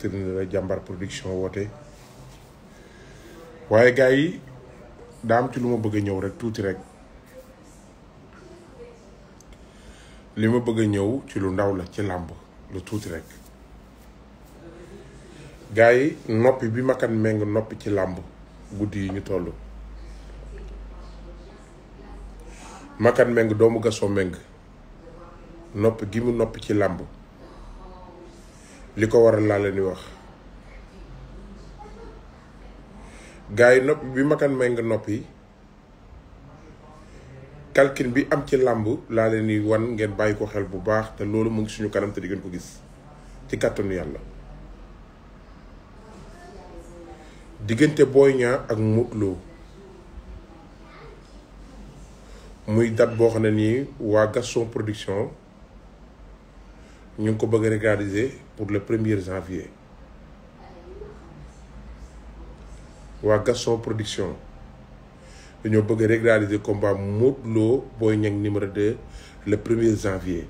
directeur la jàmbar production woote waaye gaa yi daa ci lu ma bëgg a ñëw rek tuuti rek li ma bëgg a ñëw ci lu ndaw la ci làmb lu tuuti rek gars yi noppi bi makan meng noppi ci làmb guddi yi ñu toll makan meng doomu gasoo meng noppi gi mu noppi ci làmb Liko waral la leen wax gaay nopp bi makan may nga noppi calcul bi am ci lamb la leen wan ngeen bayiko xel bu baax te lolu mu ngi suñu kanam te di ko gis ci kàttanu yalla diggante Boy ak mutlu muy dat bo xamne ni wa Gaston Production ñu ngi ko bëgg régulariser pour le 1er janvier waa Gaston production dañoo bëgg régulariser combat Modou Lo Boy Niang numéro 2 le 1er janvier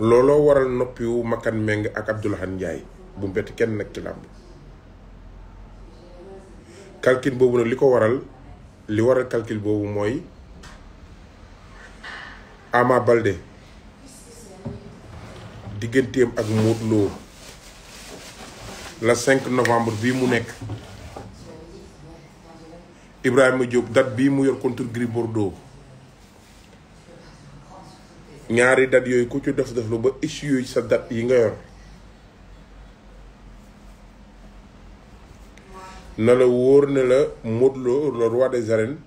Lolo waral nopiou Makan Meng ak Abdoulahan Ndiaye bu mbett kenn nag ci làmb calcul boobu liko waral li waral calcul bobu moy Ama Baldé digganteem ak Modou Lo la 5 novembre bii mu nekk Ibrahima Diop date bi mu yor contre Gris Bordeaux ñaari date yooyu ku ci def def lu ba issue yooyu sa date yi nga yor na la ne la Modou Lo le roi des arènes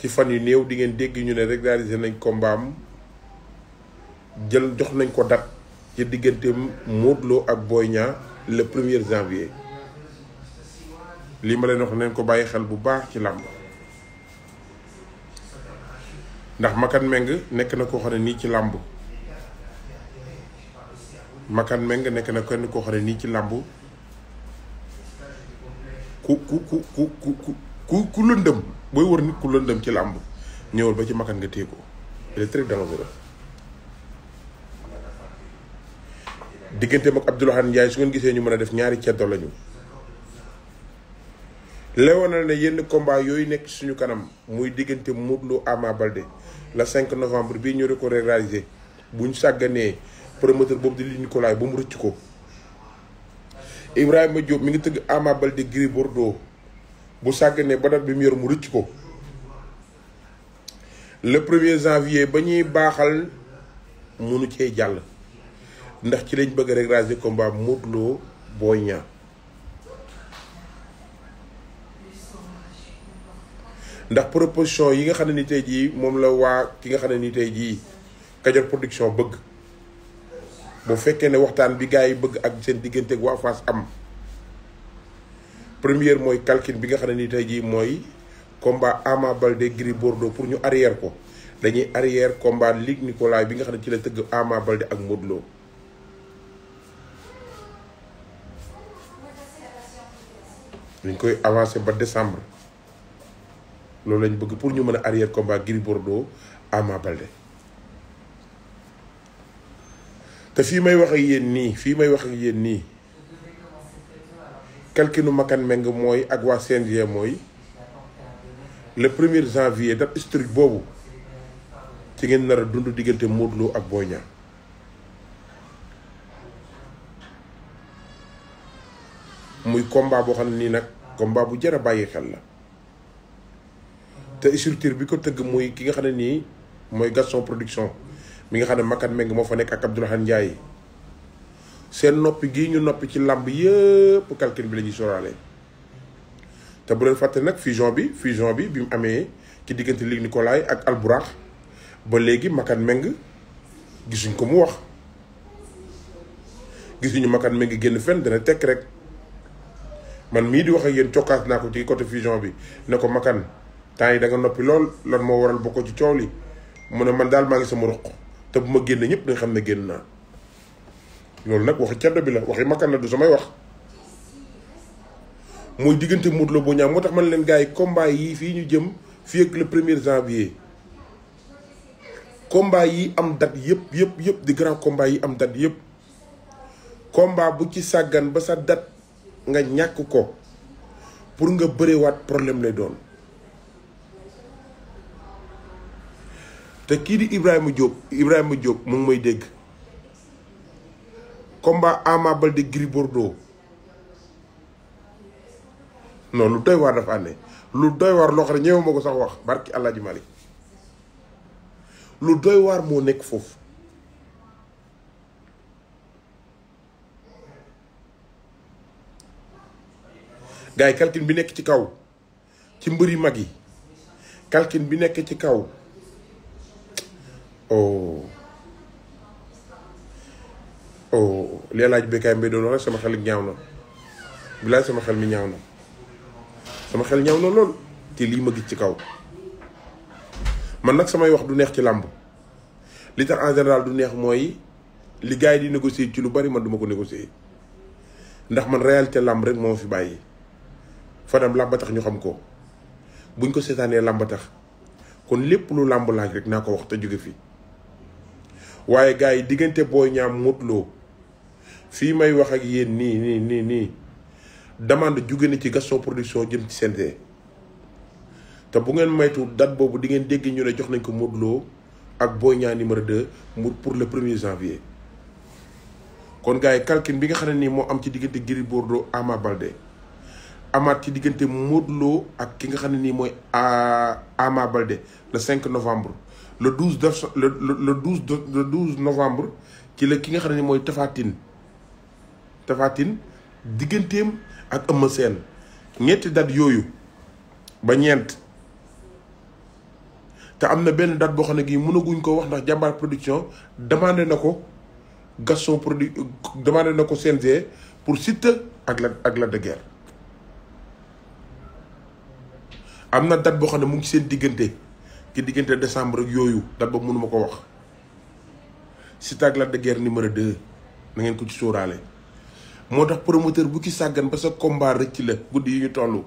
ci fan yi néew dingeen dégg ñu ne régulariser nañ combat am jël jox nañ ko date ci diggante Modou ak Boy Niang le premier janvier lii ma leen wax neen ko bàyyi xel bu baax ci làmb ndax Makan Meng nekk na koo xam ne nii ci làmb Makan Meng nekk na kenn koo xam ne nii ci làmb ku ku ku ku ku ku ku lëndëm booy wër nit ku lëndëm ci làmb ñëwal ba ci makan nga téye ko il est très dangereux digganteem ak Abdoulaye Ndiaye su ngeen gisee ñu mën a def ñaari ceddo lañu lewoonal ne yenn combat yooyu nekk suñu kanam muy diggante Modou Lo Ama Baldé le 5 novembre bii ñu ko réalisé bu ñu sàgganee promoteur boobu di li Nicolas ba mu rëcc ko Ibrahima Diop mi ngi tëgg Ama Baldé Gris Bordeaux bu sàgganee ba date bi mu yor mu rëcc ko le 1er janvier ba ñuy baaxal munu cee jàll ndax ci lañ bëgg rek raser combat Modou Lo ndax proposition yi nga xam ne ni tey jii moom la waa ki nga xam ne ni tey jii Kajoor production bëgg bu fekkee ne waxtaan bi gars yi bëgg ak seen diggante ak waa Fass am premier mooy calcul bi nga xam ne ni tey jii mooy combat Ama balde gri Bordeaux pour ñu arrière ko dañuy arrière combat ligue nicolas bi nga xam ne ci la tëgg Ama balde ak modlo Lo dañ koy avancé ba décembre loolu lañ bëgg pour ñu mën a arrière combat gri Bordeaux Ama balde te fii may wax ak yéen nii fii may wax ak yéen nii Kalkinu Makan Meng mooy ak waa CNG mooy le 1er janvier date historique boobu ci ngeen nar a dund modlo ak Boy Niang muy combat bo xamni nak combat bu jara baye xel la te structure bi ko teug moy ki nga xamni moy Gaston production mi nga xamni ne Makan Meng mo fa nek ak Abdourahmane Ndiaye seen noppi gi ñu noppi ci lamb yépp calcul bi la ñuy sóoraale te bu leen fàtte nag fusion bi fusion bi bi mu amee ci diggante Ligue Nicolaï ak Albourakh ba léegi Makan Meng gisuñ ko mu wax gisuñu Makan Meng génn fenn dana tekk rek man mii di wax ak yéen cokkaas naa ko ci côté fusion bi ne ko Makan temps yi da nga noppi lool lan moo waral bokkoo ci coow li mu ne man daal maa ngi sama ruq te bu ma génn ñëpp da nga xam ne génn naa. loolu nag waxi ceddo bi la waxi makkan la du samay wax mooy diggante Modou Lo Boy Niang moo tax man leen gars yi combat yi fii ñu jëm fii ak le premier janvier combat yi am date yëpp yëpp di grand combat yi am yëpp combat bu ci sàggan ba sa date nga ñàkk ko pour nga bërewaat problème lay doon te kii di Ibrahima Diop Ibrahima Diop mu ngi may dégg combat Ama Baldé Gris Bordeaux noonu lu doy waar dafa àndee lu doy waar loo xam ne ko sax wax barki El Hadj lu doy waar moo nekk foofu gars yi calcul bi nekk ci kaw ci mbër yu mag yi calcul bi nekk ci kaw oh. oh li El Hadj Bécaye Mbaye doon sama xel ñaaw na bilaay sama xel mi ñaaw na sama xel ñaaw na lool te lii ma gis ci kaw man nag samay wax du neex ci li tax en général du neex mooy li gars di négocier ci lu bari man duma ko négocier ndax man réalité làmb rek moo fi bàyyi Fadam làmb tax ñu xam ko buñ ko seetaanee làmb tax kon lépp lu làmb laaj rek naa ko wax fi waaye gars yi diggante booy ñaam fii may wax ak yéen nii nii nii nii demande jóge na ci Gaston Production jëm ci CNG te bu ngeen maytu date boobu di ngeen dégg ñu ne jox nañ ko Modou ak Boy Niang numéro 2 mu pour le premier janvier. kon gars yi calcul bi nga xam ne nii moo am ci diggante Gris Bordeaux Ama Baldé amaat ci diggante Modou ak ki nga xam ne nii mooy Ama Baldé le 5 novembre le 12 le le 12 le 12 novembre ci la ki nga xam ne nii mooy Tapha Tine Tapha Tine digganteem ak Eumeu Sène ñetti dat yooyu ba ñeent te am na benn date boo xam ne gii mënaguñ ko wax ndax jàmbaar production demandé na ko Gaston produit na ko CNG pour Siteu ak la ak am na date boo xam ne mu ngi seen diggante ki diggante décembre ak yooyu date boobu mënuma ko wax Siteu ak Lac de Guiers numéro 2 na ngeen ko ci sóoraale. moo tax promoteur bu ki sàggan ba sa combat rëcc la guddi yi ñu toll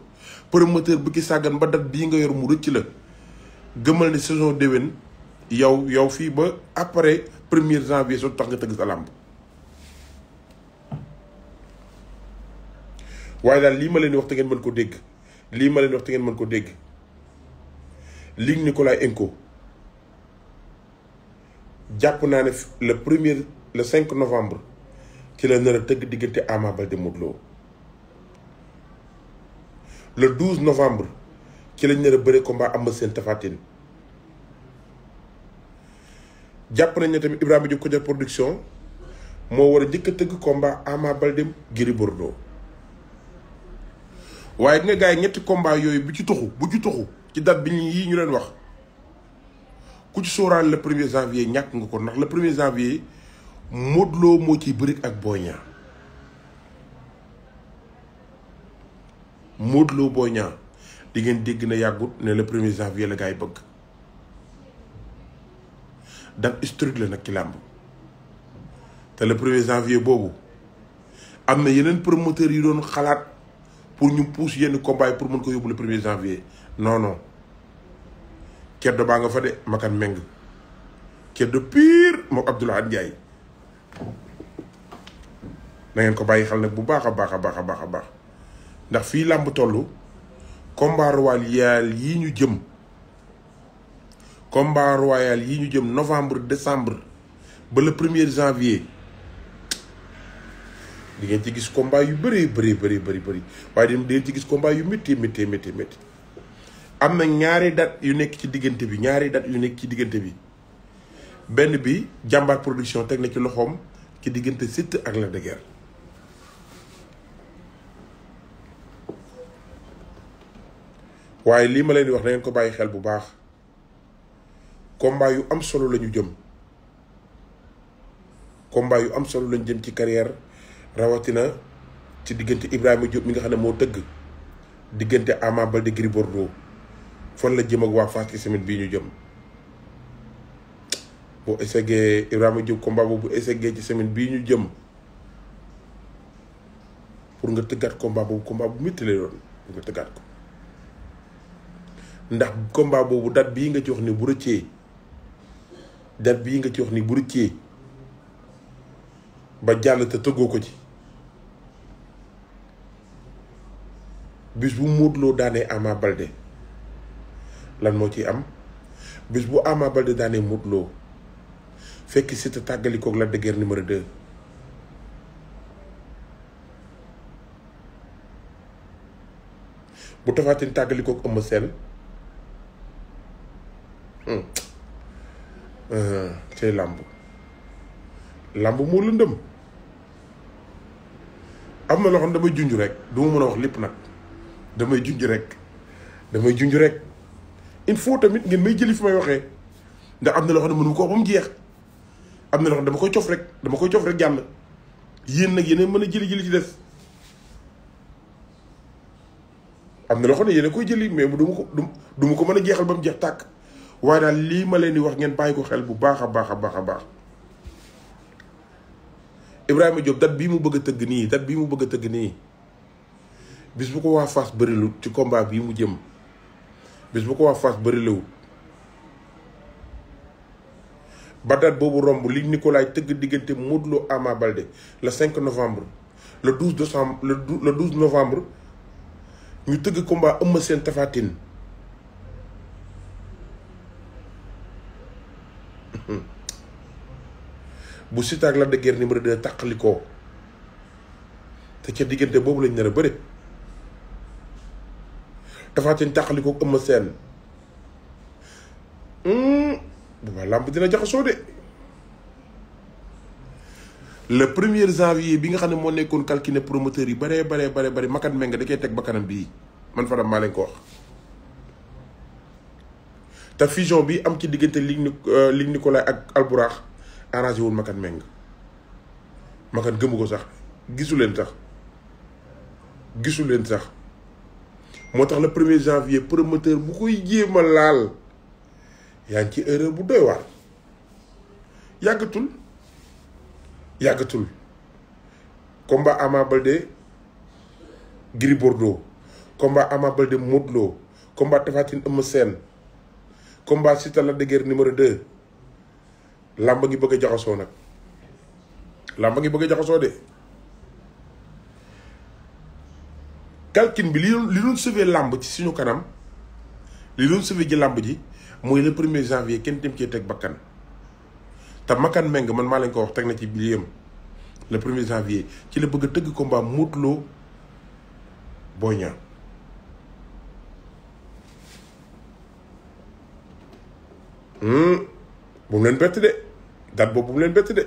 promoteur bu ki sàggan ba date bii nga yor mu rëcc la gëmal ne saison déwén yow yow fii ba après premier janvier soo tax nga tëgg sa làmb waaye daal lii ma leen wax te ngeen mën ko dégg lii ma leen wax te ngeen mën ko dégg Luc Nicolaï Enco jàpp naa ne le premier le cinq novembre ci la nar tëgg diggante Ama Baldé Modou Lô le novembre ci la nar a bëre combat Eumeu Sène Tapha Tine jàpp nañ ne tamit Ibrahima Diop Kodiak production moo war a njëkk a tëgg combat Ama Baldé Gris Bordeaux waaye nga gars yi ñetti combat yooyu bu ci tuxu bu ci tuxu ci date bi ñu yii ñu leen wax ku ci sóoraal le premier janvier ñàkk nga ko ndax le premier janvier modlo mo ci bëri ak boña modlo boña di ngeen deg na yàggut ne le premier janvier le gay yi bëgg date historique la nag ci làmb te le premier janvier bobu amna yenen promoteur yu don xalat pour ñu pousse yenn combat pour mën ko yobul le premier janvier non non ceddo ba nga fa de makan meng ceddo pire mo Abdoulaye Ndiaye na ko bàyyi xel nag bu baax a baax a baax a baax a baax ndax fii làmb toll combat royal yi ñu jëm combat royal yi ñu jëm novembre décembre ba le premier janvier di ngeen ci gis combat yu bëree bëri bëri bëri bëri waaye di ngeen ci gis combat yu métti métti métti am na ñaari dat yu nekk ci diggante bi ñaari dat yu nekk ci diggante bi benn bi jàmbaar production teg na ci loxoom ci diggante Siteu ak Lac de waaye lii ma leen di wax na ngeen ko bàyyi xel bu baax combat yu am solo la ñu jëm combat yu am solo lañu jëm ci carrière rawatina ci diggante Ibrahima Diop mi nga xam ne moo tëgg diggante Ama Baldé Gris Bordeaux fon la jëm ak waa Fass ci semaine bii ñu jëm bu essayé Ibrahima Diop combat boobu bu ci semaine bii ñu jëm pour nga tëggaat combat boobu combat bu métti lay doon pour nga tëggaat ko ndax combat boobu date bii nga ci wax ni bu rëccee date bii nga ci wax ni bu rëccee ba jàll te tëggoo ko ci bis bu Modou Lo daanee Ama Baldé lan moo ci am bis bu Ama Baldé daanee Modou fekk si te tàggalikoog Lac de Guiers numéro 2. bu Tapha Tine am Eumeu Sène. cay hmm. euh, làmb làmb moo lëndam am na loo xam damay junju rek du ma mën a wax lépp nag damay junj rek damay junju rek il faut tamit ngeen may jëli fi may waxee ndax am na loo xam ne mënu ko ba jeex. am na loo xam dama koy cof rek dama koy cof rek jàll yéen nag yéen mën a jëli jëli ci def am na loxo xam ne yéen koy jëli mais du ma ko duma ko mën a jeexal ba mu jeex tàkk waaye daal lii ma leen di wax ngeen bàyyi ko xel bu baax a baax a baax a baax Ibrahima Diop date bii mu bëgg a tëgg nii date bii mu bëgg a tëgg nii bis bu ko waa Fass bërilu ci combat bii mu jëm bis bu ko waa Fass bëriluwul ba boobu romb li Nicolas tëgg diggante Modou Lo Ama Baldé le 5 novembre le 12 décembre le 12 novembre ñu tëgg combat Eumeu Sène Tapha bu Siteu ak Lac de Guiers numéro 2 tàqalikoo te ca diggante boobu lañ nar a bëre Tapha Tine tàqalikoo Eumeu dama làmb dina jaxasoo de le premier janvier bi nga xam ne moo nekkoon calculé promoteur yi bare bare bare bare makat meng da koy teg kanam bii man Fadam maa leen ko wax te fusion bi am ci diggante Ligue euh, Ligue Nicolas ak Alburax arrangé wul makat meng makat gëmu ko sax gisu leen sax gisu leen sax moo tax le premier janvier promoteur bu koy jéem a laal yaa ngi ci erreur bu doy waar yàggatul yàggatul combat amable de Gris Bordeaux combat amable de modlo combat tafatine Tine Eumeu combat Siteu de guerre numéro 2 làmb ngi bëgg a jaxasoo nag làmb ngi bëgg a jaxasoo de calcul bi li li doon sauver lamb ci suñu kanam li doon sauver ji lamb ji mooy le premier janvier kenn dem cee teg bakkan te Makan Meng man maa lañ ko wax teg na ci biliyam le premier janvier ci la bëgg a tëgg combat Modou loo Boy Niang hmm, bu mu leen bett de date boobu bu mu leen bett de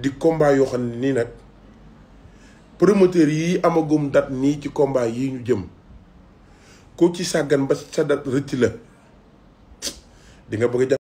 di combat yoo xam ne nii nag promoteurs yi amagum date nii ci combat yi ñu jëm ko ci sàggan ba sa dat rëcc la di nga bëgg